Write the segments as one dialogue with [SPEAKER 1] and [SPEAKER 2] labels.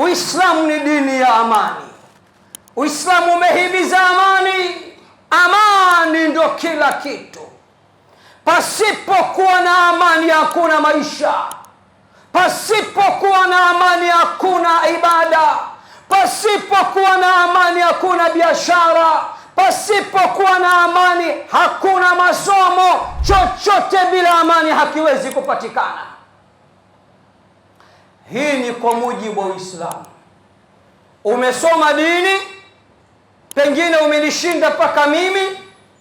[SPEAKER 1] Uislamu ni dini ya amani. Uislamu umehimiza amani. Amani ndo kila kitu. Pasipokuwa na amani hakuna maisha, pasipokuwa na amani hakuna ibada, pasipokuwa na amani hakuna biashara, pasipokuwa na amani hakuna masomo. Chochote bila amani hakiwezi kupatikana. Hii ni kwa mujibu wa Uislamu. Umesoma dini, pengine umenishinda mpaka mimi,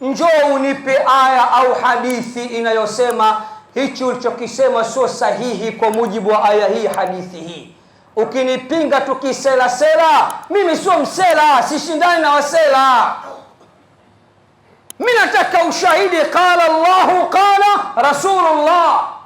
[SPEAKER 1] njoo unipe aya au hadithi inayosema hichi ulichokisema sio sahihi kwa mujibu wa aya hii, hadithi hii. Ukinipinga tukiselasela, mimi sio msela, sishindani na wasela. Mi nataka ushahidi, qala Allahu qala rasulullah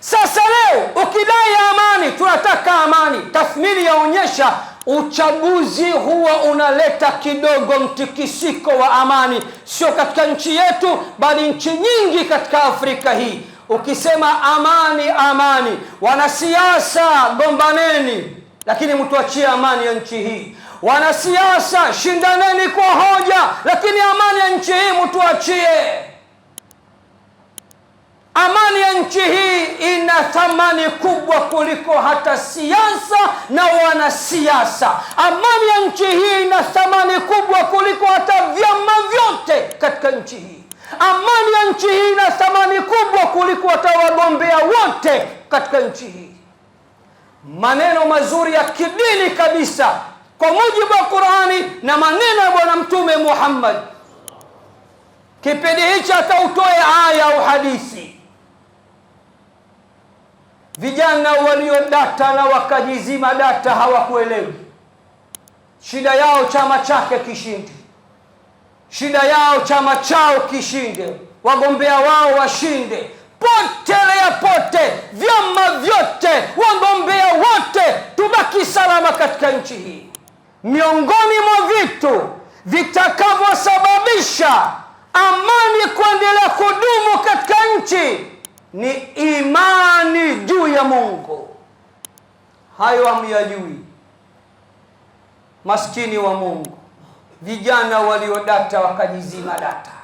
[SPEAKER 1] sasa leo ukidai amani, tunataka amani. Tathmini yaonyesha uchaguzi huwa unaleta kidogo mtikisiko wa amani, sio katika nchi yetu, bali nchi nyingi katika Afrika hii. Ukisema amani, amani, wanasiasa gombaneni, lakini mtuachie amani ya nchi hii. Wanasiasa shindaneni kwa hoja, lakini amani ya nchi hii mtuachie. Amani ya nchi hii wana thamani kubwa kuliko hata siasa na wanasiasa. Amani ya nchi hii ina thamani kubwa kuliko hata vyama vyote katika nchi hii. Amani ya nchi hii ina thamani kubwa kuliko hata wagombea wote katika nchi hii. Maneno mazuri ya kidini kabisa kwa mujibu wa Qurani na maneno ya Bwana Mtume Muhammad. Kipindi hichi atautoe aya au hadithi Vijana walio data na wakajizima data hawakuelewi shida yao, chama chake kishinde, shida yao chama chao kishinde, wagombea wao washinde, potelea pote, vyama vyote, wagombea wote, tubaki salama katika nchi hii. Miongoni mwa vitu vitakavyosababisha amani kuendelea kudumu katika nchi ni imani huko, hayo hamyajui maskini wa Mungu, vijana waliodata wakajizima data